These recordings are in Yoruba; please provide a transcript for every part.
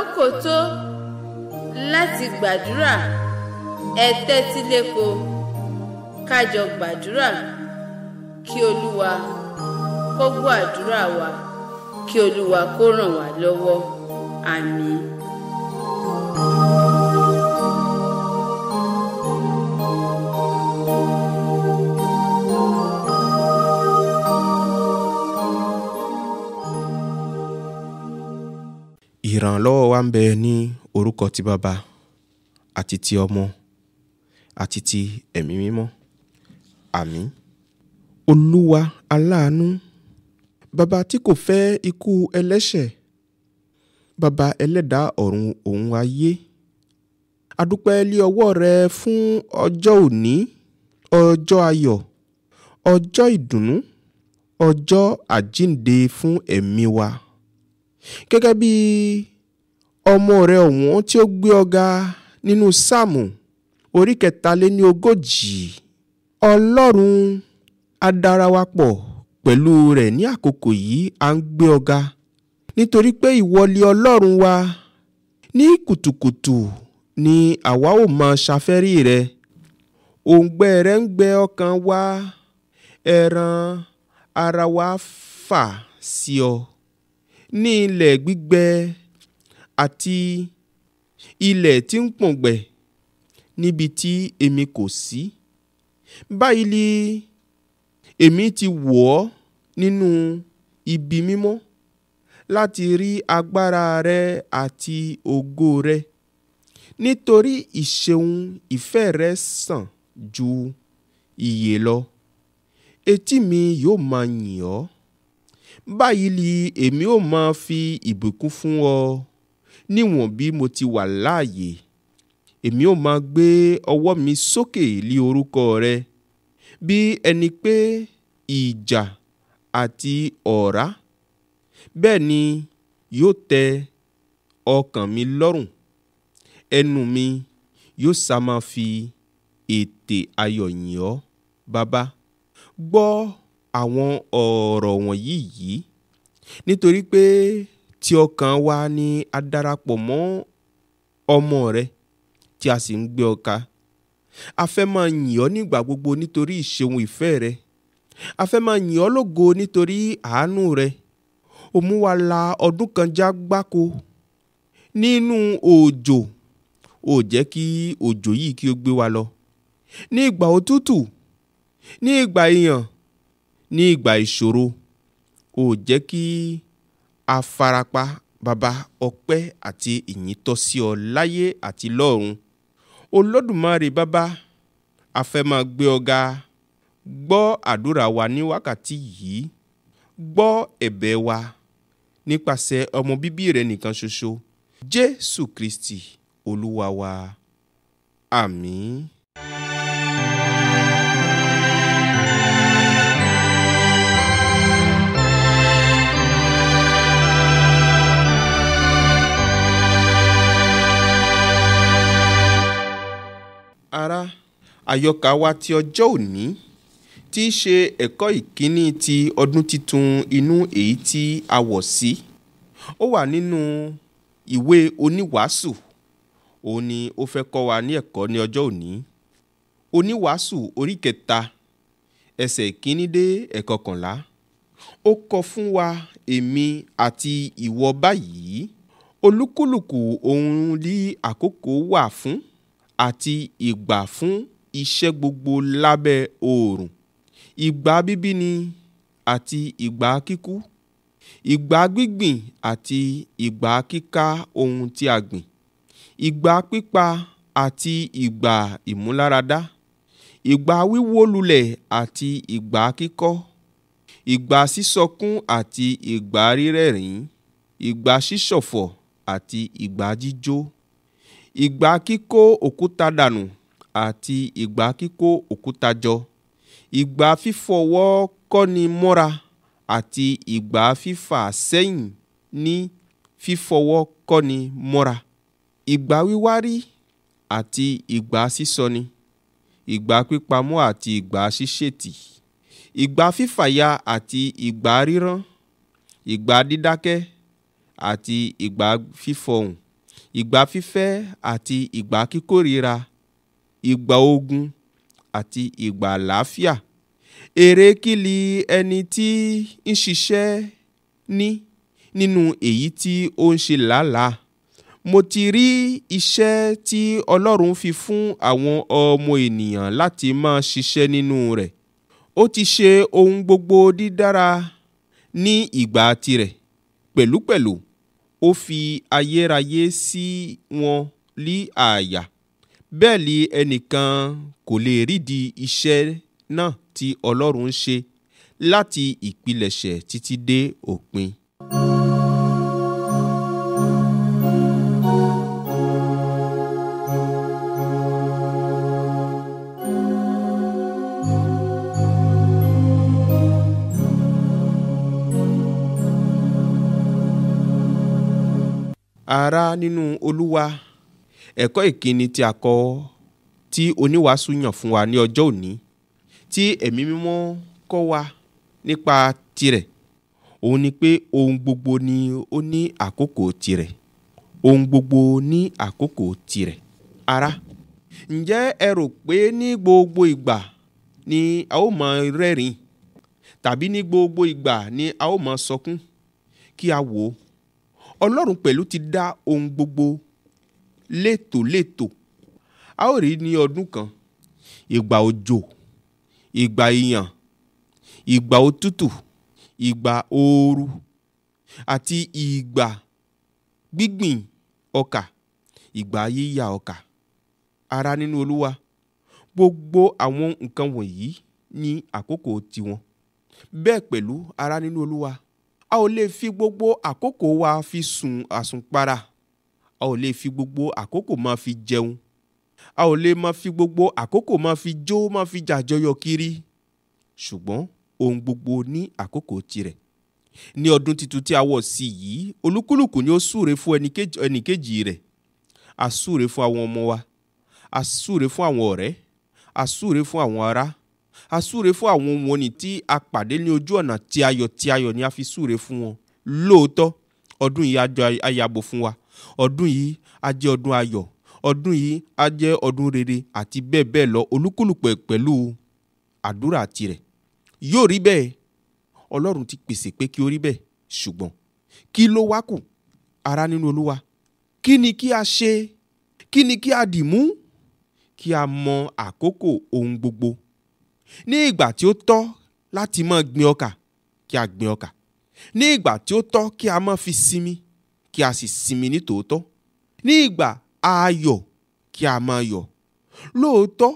àkókò tó láti gbàdúrà ẹ tẹ́tíléko ká jọ gbàdúrà kí olúwa kó gbọ́ àdúrà wa kí olúwa kó ràn wá lọ́wọ́ àmín. ìrànlọ́wọ́ wa ń bẹ ní orúkọ ti bàbá àti ti ọmọ àti ti ẹ̀mí mímọ́ àmín olúwa aláàánú bàbá tí kò fẹ́ ikú ẹlẹ́ṣẹ̀ bàbá ẹlẹ́dàá ọ̀run òun ayé adúpẹ́ lé ọwọ́ rẹ fún ọjọ́ òní ọjọ́ ayọ̀ ọjọ́ ìdùnnú ọjọ́ àjínde fún ẹ̀mí wa gẹ́gẹ́ bíi ọmọ rẹ̀ ọ̀wọ́n tí ó gbé ọ̀gá nínú sáàmù orí kẹtàléní ogójì ọlọ́run adárawapọ̀ pẹ̀lú rẹ̀ ní àkókò yìí à ń gbé ọ̀gá nítorí pé ìwọlé ọlọ́run wa ní kùtùkùtù ni àwa ò máa ṣàfẹ́rí rẹ̀ òǹgbẹ rẹ̀ ń gbẹ ọkàn wa ẹran ara wa fà sí ọ ní ilẹ̀ gbígbẹ àti ilẹ̀ tí ń pòǹgbẹ níbi tí èmi kò sí báyìí ni èmi ti wọ̀ ọ́ nínú ibi mímọ́ láti rí agbára rẹ àti ògo rẹ nítorí ìṣeun ìfẹ́ rẹ sàn ju ìyè lọ etí mi yóò máa yìn ọ́ báyìí ni èmi ó máa fi ìbùkún fún ọ níwọ̀n bí mo ti wà láàyè èmi ò máa gbé ọwọ́ mi sókè lí orúkọ rẹ bí ẹni pé ìjà àti ọ̀rá bẹ́ẹ̀ ni yóò tẹ ọkàn mi lọ́rùn ẹnu mi yóò sá máa fi ètè ayọ̀ yìn ọ́ bàbá gbọ́ àwọn ọ̀rọ̀ wọ̀nyí yìí nítorí pé tí ọkàn wa ni a darapọ̀ mọ́ ọmọ rẹ tí a sì ń gbé ọ ká a fẹ́ máa yìn ọ́ nígbà gbogbo nítorí ìṣeun ìfẹ́ rẹ a fẹ́ máa yìn ọ́ lógo nítorí àánú rẹ ó wa la ọdún kan já gbáko nínú òjò ò jẹ́ kí òjò yìí kí ó gbé wa lọ ní ìgbà òtútù ní ìgbà ìyàn ní ìgbà ìṣòro ò jẹ́ kí afarapa bàbá ọpẹ́ àti ìyìn tọ́ sí ọ láyé àti lọ́run olódùmarè Baba afẹ́mọ́ gbé ọ̀gá gbọ́ àdúrà wa ní wákàtí yìí gbọ́ ẹ̀bẹ̀ wa nípasẹ̀ ọmọ bíbí rẹ nìkan ṣoṣo jésù kristi olúwa wa àmín. ara àyọkà wa ti ọjọ́ òní tí í ṣe ẹ̀kọ́ ìkíní ti ọdún titun inú èyí tí a wọ̀ sí ó wà nínú ìwé oníwàásù òun ni ó fẹ́ kọ́ wa ní ẹ̀kọ́ ní ọjọ́ òní oníwàásù orí kẹta ẹsẹ̀ ìkíní dé ẹ̀kọkànlá ó kọ fún wa èmi àti ìwọ báyìí olúkúlùkù ohun ní àkókò wà fún àti ìgbà fún iṣẹ́ gbogbo lábẹ́ oòrùn ìgbà bíbí ni àti ìgbà kíkú ìgbà gbígbìn àti ìgbà kíká ohun tí a gbìn ìgbà pípa àti ìgbà ìmúláradá ìgbà wíwó lulẹ̀ àti ìgbà kíkọ́ ìgbà sísọkún àti ìgbà rírẹ́rìn-ín ìgbà ṣíṣọ̀fọ̀ àti ìgbà jíjó ìgbà kíkó òkúta dànù àti ìgbà kíkó òkúta jọ ìgbà fífọwọ́ kọ́ni mọ́ra àti ìgbà fífà sẹ́yìn ní fífọwọ́ kọ́ni mọ́ra ìgbà wíwárí àti ìgbà sísọni ìgbà pípamọ́ àti ìgbà ṣíṣètì ìgbà fífàya àti ìgbà rírán ìgbà dídákẹ́ àti ìgbà fífọhùn ìgbà fífẹ́ àti ìgbà kíkórira ìgbà ogun àti ìgbà àlàáfíà èrè kíli ẹni tí ń ṣiṣẹ́ ní nínú èyí tí ó ń ṣe làálàá mo ti rí iṣẹ́ tí ọlọ́run fi fún àwọn ọmọ ènìyàn láti máa ṣiṣẹ́ nínú rẹ̀ ó ti ṣe ohun gbogbo dídára ní ìgbà tirẹ̀ pẹ̀lúpẹ̀lú ó fi ayérayé sí wọn lí àyà bẹ́ẹ̀ lé ẹnìkan kò lè rídìí iṣẹ́ náà tí ọlọ́run ń ṣe láti ìpilẹ̀ṣẹ̀ títí dé òpin. ara nínú olúwa ẹ̀kọ́ ìkíni tí a kọ́ tí oníwàásù yàn fún wa ní ọjọ́ òní tí ẹ̀mí mímọ́ kọ́ wa nípa tirẹ̀ òun ni pé ohun gbogbo ni ó ní àkókò tirẹ̀ ohun gbogbo ní àkókò tirẹ̀ ara ǹjẹ́ ẹ rò pé ní gbogbo ìgbà ni a ó rẹ́rìn-ín tàbí ní gbogbo ìgbà ni a ó máa sọkún kí a wò ó ọlọ́run pẹ̀lú ti dá ohun gbogbo létòlétò a ó rí ní ọdún kan ìgbà òjò ìgbà ìyàn ìgbà òtútù ìgbà ooru àti ìgbà gbígbìn ọkà ìgbà yíyà ọkà ara nínú olúwa gbogbo àwọn nǹkan wọ̀nyí ní àkókò tiwọn bẹ́ẹ̀ pẹ̀lú ara nínú olúwa a ò lè fi gbogbo àkókò wa fi sùn àsùnpara a ò lè fi gbogbo àkókò máa fi jẹun a ò lè máa fi gbogbo àkókò máa fi jó máa fi jàjọyọ̀ kiri ṣùgbọ́n ohun gbogbo ní àkókò tirẹ̀ ní ọdún tuntun tí a wọ̀ sí yìí olúkúlùkù ni ó súre fún ẹnìkejì rẹ̀ a súre fún àwọn ọmọ wa a súre fún àwọn ọ̀rẹ́ a súre fún àwọn ará a súre fún àwọn wọ̀nyí tí a pàdé ní ojú ọ̀nà tí ayọ̀ tí ayọ̀ ni a fi súre fún wọn lóòótọ́ ọdún yìí àjọ ayabo fún wa ọdún yìí a jẹ́ ọdún ayọ̀ ọdún yìí a jẹ́ ọdún rere àti bẹ́ẹ̀ bẹ́ẹ̀ lọ olúkúlùkù pẹ̀lú àdúrà tirẹ̀ yóò rí bẹ́ẹ̀ ọlọ́run ti pèsè pé kí ó rí bẹ́ẹ̀ ṣùgbọ́n kí ló wá kù ara nínú olúwa kí ni kí a ṣe kí ni kí a dì mú kí a mọ àkókò ohun gbogbo ní ìgbà tí ó tọ́ láti máa gbin ọkà kí a gbin ọkà ní ìgbà tí ó tọ́ kí a máa fi sinmi kí a sì sinmi ní tòótọ́ ní ìgbà ayọ̀ kí a máa yọ̀ lóòótọ́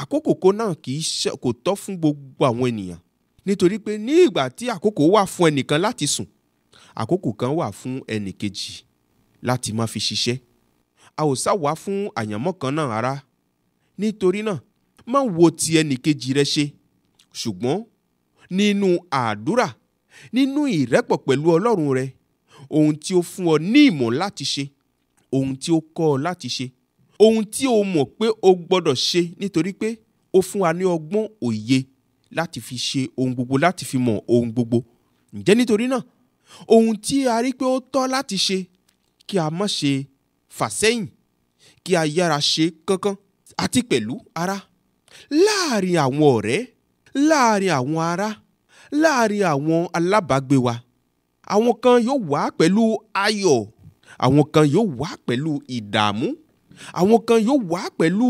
àkókò náà kì í ṣe kò tọ́ fún gbogbo àwọn ènìyàn nítorí pé ní ìgbà tí àkókò wà fún ẹnìkan láti sùn àkókò kan wà fún ẹnìkejì láti máa fi ṣiṣẹ́ a ò sáwàá fún àyànmọ́ kan náà rárá nítorí náà má wo ti ẹnìkejì rẹ ṣe ṣùgbọ́n nínú àdúrà nínú ìrẹ́pọ̀ pẹ̀lú ọlọ́run rẹ ohun tí ó fún ọ ní ìmọ̀ láti ṣe ohun tí ó kọ́ ọ láti ṣe ohun tí o mọ̀ pé o gbọ́dọ̀ ṣe nítorí pé ó fún wa ní ọgbọ́n òye láti fi ṣe ohun gbogbo láti fi mọ̀ ohun gbogbo ǹjẹ́ nítorí náà ohun tí a rí pé ó tọ́ láti ṣe kí a má ṣe fà sẹ́yìn kí a yára ṣe kankan àti pẹ̀lú ara láàrin àwọn ọ̀rẹ́ láàrin àwọn ará láàrin àwọn alábàágbé wa àwọn kan yóò wá pẹ̀lú ayọ̀ àwọn kan yóò wá pẹ̀lú ìdààmú àwọn kan yóò wá pẹ̀lú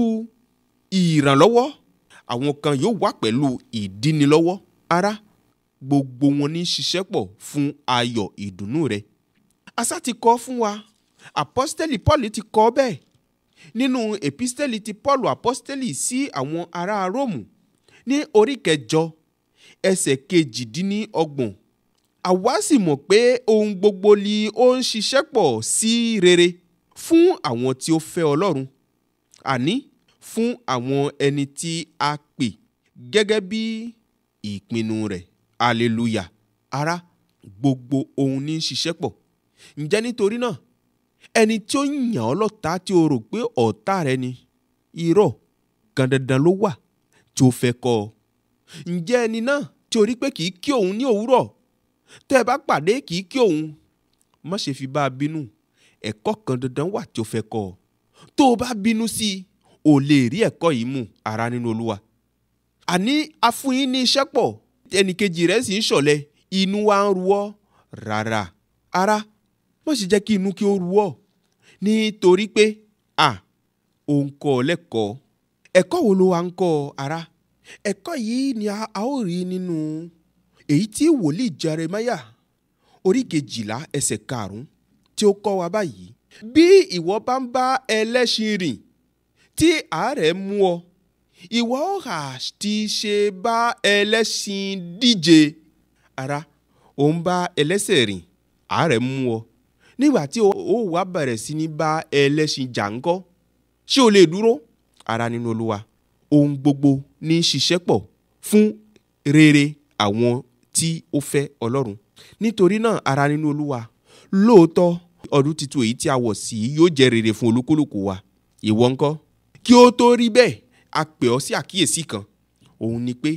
ìrànlọ́wọ́ àwọn kan yóò wá pẹ̀lú ìdínilọ́wọ́ ará gbogbo wọn ní ṣiṣẹ́ pọ̀ fún ayọ̀ ìdùnnú rẹ. àṣà ti kọ́ fún wa àpọ́stẹ́lì Paul ti kọ́ bẹ́ẹ̀ nínú èpísítẹ́lì ti paul apọ́sítẹ́lì sí àwọn ará róòmù ní orí kẹjọ ẹsẹ̀ kejìdínlọ́gbọ̀n àwa sì mọ̀ pé ohun gbogbo ni ó ń ṣiṣẹ́ pọ̀ sí rere fún àwọn tí ó fẹ́ ọlọ́run àní fún àwọn ẹni tí a pè gẹ́gẹ́ bí ìpinnu rẹ̀ hallelujah ara gbogbo ohun ní ń ṣiṣẹ́ pọ̀ ǹjẹ́ nítorí náà ẹni tí ó yàn ọ́ lọ́ta tí o rò pé ọ̀tá rẹ ni irọ́ kan dandan ló wà tí o fẹ́ kọ́ ọ. ǹjẹ́ ẹni náà tí o rí pé kìí kí òun ní òwúrọ̀ tẹ́ ẹ bá pàdé kìí kí òun má ṣe fi bá a bínú ẹ̀kọ́ kan dandan wà tí o fẹ́ kọ́ ọ. tó o bá bínú sí i o lè rí ẹ̀kọ́ yìí mú ara nínú olúwa. àní afúnyín ní iṣẹ́ pọ̀ ẹnìkejì rẹ̀ sì ń ṣọ̀lẹ inú wa ń ru ọ́ rárá ara má ṣe jẹ́ kí inú kí ó ru ọ́ nítorí pé à ò ń kọ́ lẹ́kọ̀ọ́ ẹ̀kọ́ wo ló wá ń kọ́ ara ẹ̀kọ́ yìí ni a ó rí nínú èyí tí wòlíì Jeremáyà orí kejìlá ẹsẹ̀ karùn-ún tí ó kọ́ wa báyìí bí ìwọ bá ń bá ẹlẹ́ṣin rìn tí àárẹ̀ mú ọ ìwọ ó hà ti ṣe bá ẹlẹ́ṣin díje ara ò ń bá ẹlẹ́ṣẹ̀ rìn àárẹ̀ mú ọ nígbà tí o wà bẹ̀rẹ̀ sí ní bá ẹlẹ́sìn jà ńkọ́ ṣé o lè dúró ara nínú olúwa ohun gbogbo ní ṣiṣẹ́ pọ̀ fún rere àwọn tí ó fẹ́ ọlọ́run nítorí náà ara nínú olúwa lóòótọ́ ọdún tuntun èyí tí a wọ̀ sí yóò jẹ́ rere fún olúkúlùkù wa ìwọ ńkọ́ kí ó tó rí bẹ́ẹ̀ a pè ọ́ sí àkíyèsí kan òun ni pé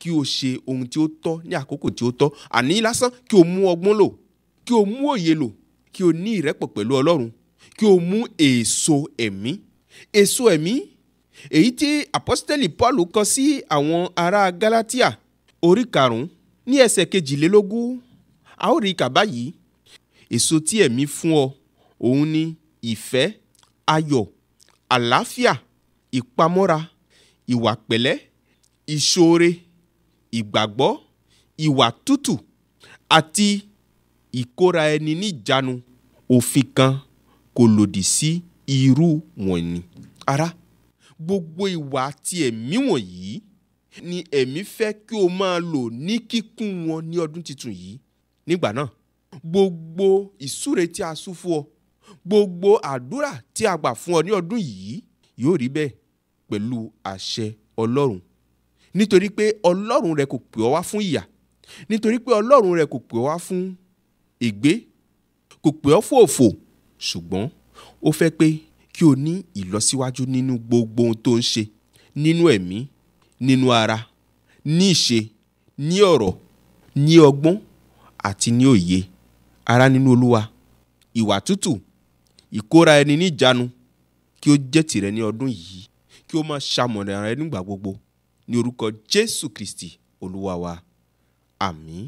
kí o ṣe ohun tí ó tọ́ ní àkókò tí ó tọ́ àní lásán kí o mú ọgbọ́n lò kí o mú òye lò kí o ní ìrẹ́pọ̀ pẹ̀lú ọlọ́run kí o mú èso ẹ̀mí èso ẹ̀mí èyí tí apọ́sítẹ́lì paul kọ sí àwọn ará galatia orí karùn-ún ní ẹsẹ̀ kejìlélógún a ó rí kà báyìí èso tí ẹ̀mí fún ọ òun ni ìfẹ́ ayọ̀ àlàáfíà ìpamọ́ra ìwà pẹ̀lẹ́ ìṣoore ìgbàgbọ́ ìwà tútù àti ìkóra ẹni níjàánu òfin kan kò lòdì sí irú wọ̀nyí. ara gbogbo ìwà àti ẹ̀mí wọ̀nyí ni ẹ̀mí fẹ́ kí o máa lò ní kíkún wọn ní ọdún tuntun yìí nígbà náà gbogbo ìsúre tí a sún fún ọ gbogbo àdúrà tí a gbà fún ọ ní ọdún yìí yóò rí bẹ́ẹ̀ pẹ̀lú àṣẹ ọlọ́run nítorí pé ọlọ́run rẹ kò pè ọ wá fún ìyà nítorí pé ọlọ́run rẹ kò pè ọ wá fún ègbé kò pè ọ́ fún òfò ṣùgbọ́n ó fẹ́ pé kí o ní ìlọsíwájú nínú gbogbo ohun tó ń ṣe nínú ẹ̀mí nínú ara ní ìṣe ní ọ̀rọ̀ ní ọgbọ́n àti ní òye ara nínú olúwa ìwà tútù ìkóra ẹni níjàánu kí ó jẹ́ tìrẹ ní ọdún yìí kí ó máa ṣamọ̀nà rẹ nígbà gbogbo ní orúkọ jésù kristi olúwa wa àmín.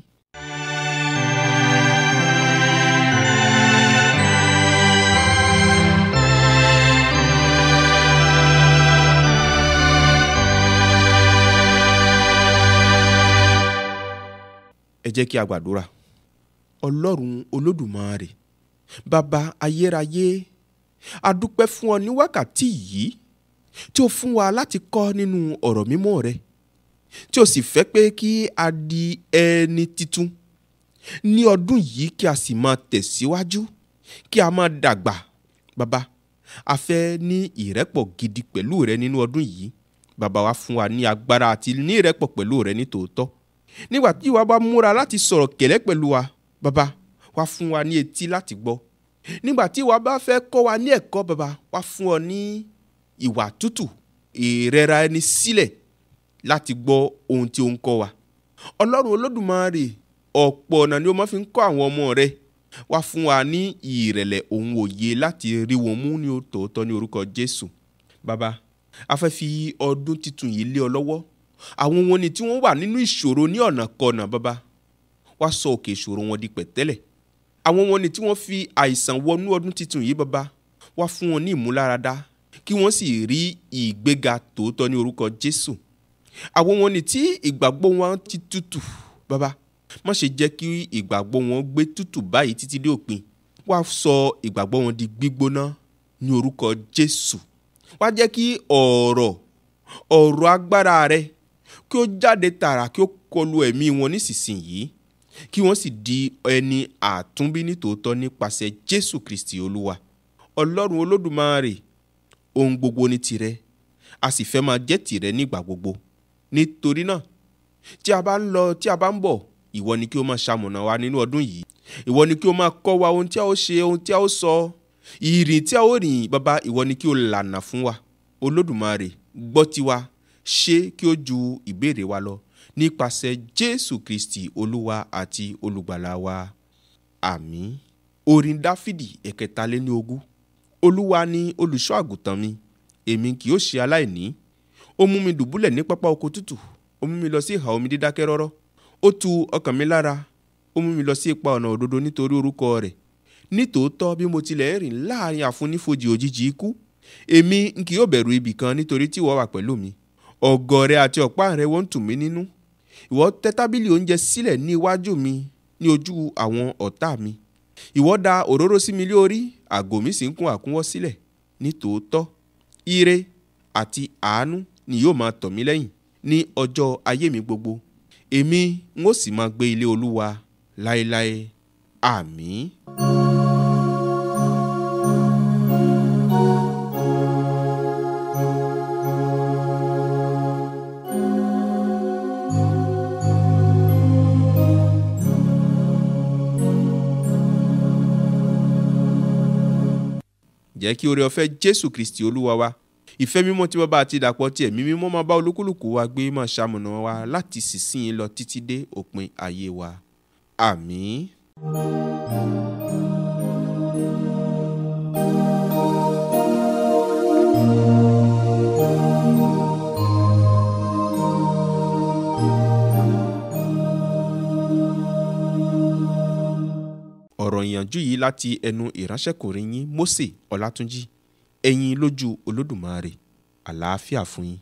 ẹ jẹ́ kí a gbàdúrà ọlọ́run olódùmarè bàbá ayérayé a dúpẹ́ fún ọ ní wákàtí yìí tí o fún wa láti kọ́ nínú ọ̀rọ̀ mímọ́ rẹ tí o sì fẹ́ pé kí a di ẹni titun ní ọdún yìí kí a sì máa tẹ̀síwájú kí a máa dàgbà bàbá a fẹ́ ní ìrẹ́pọ̀ gidi pẹ̀lú rẹ nínú ọdún yìí bàbá wa fún wa ní agbára àti ní ìrẹ́pọ̀ pẹ̀lú rẹ ní nígbà tí ìwà bá múra láti sọ̀rọ̀ kẹ̀lẹ́ pẹ̀lú wa bàbá wá fún wa ní etí láti gbọ́ nígbà tí ìwà bá fẹ́ kọ́ wa ní ẹ̀kọ́ bàbá wá fún ọ ní ìwà tútù ìrẹ̀ra ẹni sílẹ̀ láti gbọ́ ohun tí ó ń kọ́ wa ọlọ́run olódùmarè ọ̀pọ̀ ọ̀nà ni ó máa fi ń kọ́ àwọn ọmọ rẹ̀ wá fún wa ní ìrẹ̀lẹ̀ òun òye láti rí wọn mú ní òtòótọ́ ní orúkọ jésù bàbá a fẹ́ fi ọdún tuntun yìí lé ọ lọ́wọ́ àwọn wọn ni tí wọ́n wà nínú ìṣòro ní ọ̀nà kọ̀nà bàbá wá sọ òkè ìṣòro wọn di pẹ̀tẹ́lẹ̀ àwọn wọn ni tí wọ́n fi àìsàn wọnú ọdún tuntun yìí bàbá wá fún wọn ní ìmúláradá kí wọ́n sì rí ìgbéga tòótọ́ ní orúkọ Jésù àwọn wọn ni tí ìgbàgbọ́ wọn ti tútù bàbá má ṣe jẹ́ kí ìgbàgbọ́ wọn gbé tútù báyìí títí dé òpin wá sọ ìgbàgbọ́ wọn di gbígbóná ní orúkọ Jésù wá jẹ́ kí ọ̀rọ̀ ọ̀rọ̀ agbára rẹ̀ kí ó jáde tààrà kí ó kọlu ẹ̀mí wọn nísinsìnyí kí wọ́n sì di ẹni àtúnbí nítòótọ́ nípasẹ̀ Jésù Kristi Olúwa Ọlọ́run Olódùmarè ohun gbogbo ní tirẹ a sì fẹ́ máa jẹ́ tìrẹ nígbà gbogbo nítorí náà tí a bá ń lọ tí a bá ń bọ̀ ìwọ ni kí o máa ṣamọ̀nà wa nínú ọdún yìí ìwọ ni kí o máa kọ́ wa ohun tí a ó ṣe ohun tí a ó sọ ìrìn tí a ó rìn bàbá ìwọ ni kí o lànà fún wa Olódùmarè gbọ́ tiwa ṣe kí ó ju ìbéèrè wa lọ nípasẹ̀ jésù kristi olúwa àti olùgbàlà wa Àmì. orin dáfídì ẹ̀kẹtàléníogún olúwa ni olùṣọ́ àgùntàn mi èmi kì yóò ṣe aláìní ó mú mi dùbúlẹ̀ ní pápá oko tútù ó mú mi lọ sí ìhà omi dídákẹ́ rọ́rọ́ ó tu ọkàn mi lára ó mú mi lọ sí ipa ọ̀nà òdodo nítorí orúkọ rẹ̀ nítòótọ́ bí mo tilẹ̀ rìn láàrin àfonífojì òjijì ikú èmi n kì yóò bẹ̀rù ibì kan nítorí tí ìwọ wà pẹ̀lú mi ọ̀gọ̀rẹ́ àti ọ̀pá rẹ wọ́n ń tù mí nínú ìwọ tẹ tábìlì oúnjẹ sílẹ̀ ní iwájú mi ní ojú àwọn ọ̀tá mi ìwọ da òróró sí mi lórí àgò mi sì ń kún àkúnwọ́ sílẹ̀ nítòótọ́ ire àti àánú ni yóò máa tọ̀ mí lẹ́yìn ní ọjọ́ ayé mi gbogbo èmi ń ó sì máa gbé ilé olúwa láéláé àmín. jẹ́ kí oore ọ̀fẹ́ Jésù Kristi Olúwa wa ìfẹ́ mímọ́ tí bàbá àti ìdàpọ̀ tiẹ̀ mímí mọ́ máa bá olúkúlùkù wa gbé máa ṣamọ̀nà wa láti sísìn lọ títí dé òpin ayé wa àmín. ọ̀rọ̀ ìyànjú yìí láti ẹnu ìránṣẹ́kùnrin yín Mósè Ọlátúnjí ẹ̀yin lójú Olódùmarè àlàáfíà fún yín